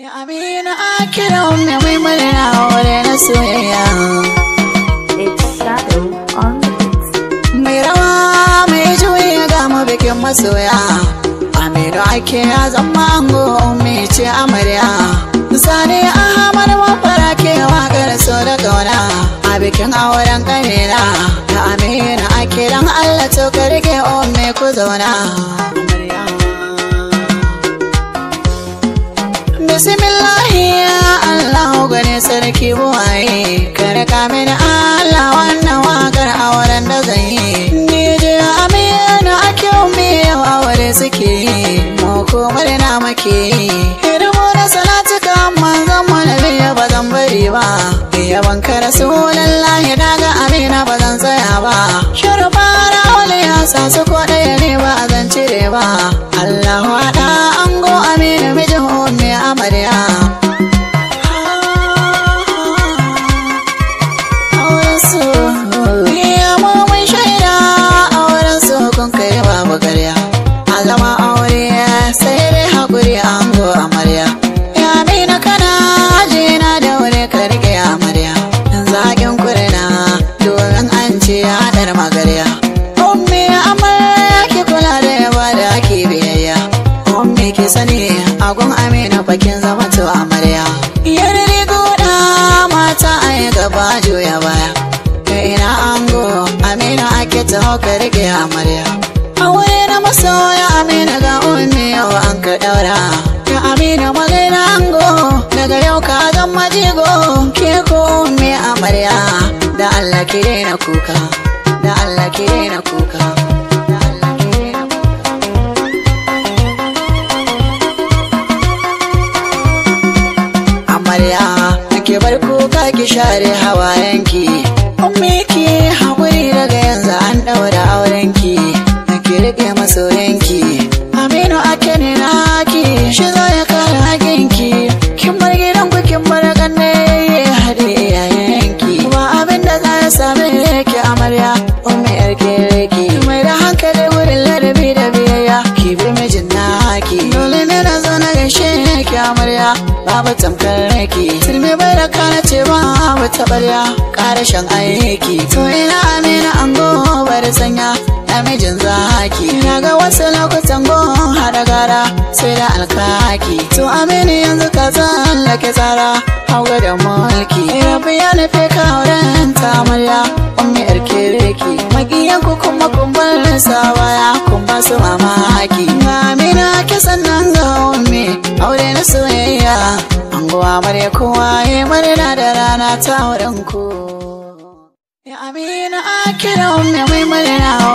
Ya amina a kira mai maimaina aure na soyayya. Mai rawa mai juya ga bikin masoya. Aminu ake ya zama mai ce amarya. Sani Ahmad mafara ke waƙar so da gauna a bikin auren ƙanina. Da amina ake dan Allah to ka rike oh, mai ku zauna. bismillahi ya Allah gane sarki buwaye kare ka mini Allah wannan wakar auren da zan yi ni je amina ake umi yau aure suke yi mu ko murna muke yi hirmu salatu kan manzon mu na ba zan bari ba yawan rasulullah ya daga amina ba zan tsaya ba shurfa rawul ya sa su ko ne ba a zan cire ba Allahu agon amina bakin zama to amarya yar rigo da mata a yi gaba juya baya ka ina ango amina ake ta hauka rike amarya aure na masoya amina ga ummi yau an ka daura ka amina magaina ango daga yau ka zan majigo ke ko ummi amarya da allah ki daina kuka da allah ki daina kuka share hawa yanki ki haƙuri daga yanzu an ɗaura aurenki ki riƙe yanki. ba tsamkar rake silme bai da kana ce ba wata barya karashin aiki to ina amina an go bari sanya namijin zaki na ga wasu lokutan go hada gara sai da alkaki to amini yanzu ka lake tsara hauga da mulki eh, rabi ya nufi kawuren ta murya ummi arke reki magiyan ku kuma kumbar sawaya kun ba su mamaki Amina kisan sannan ga ummi aure na soyayya unguwa mare kowa ya eh, murna da rana ta wurin ku. Ya amina a wani mai murna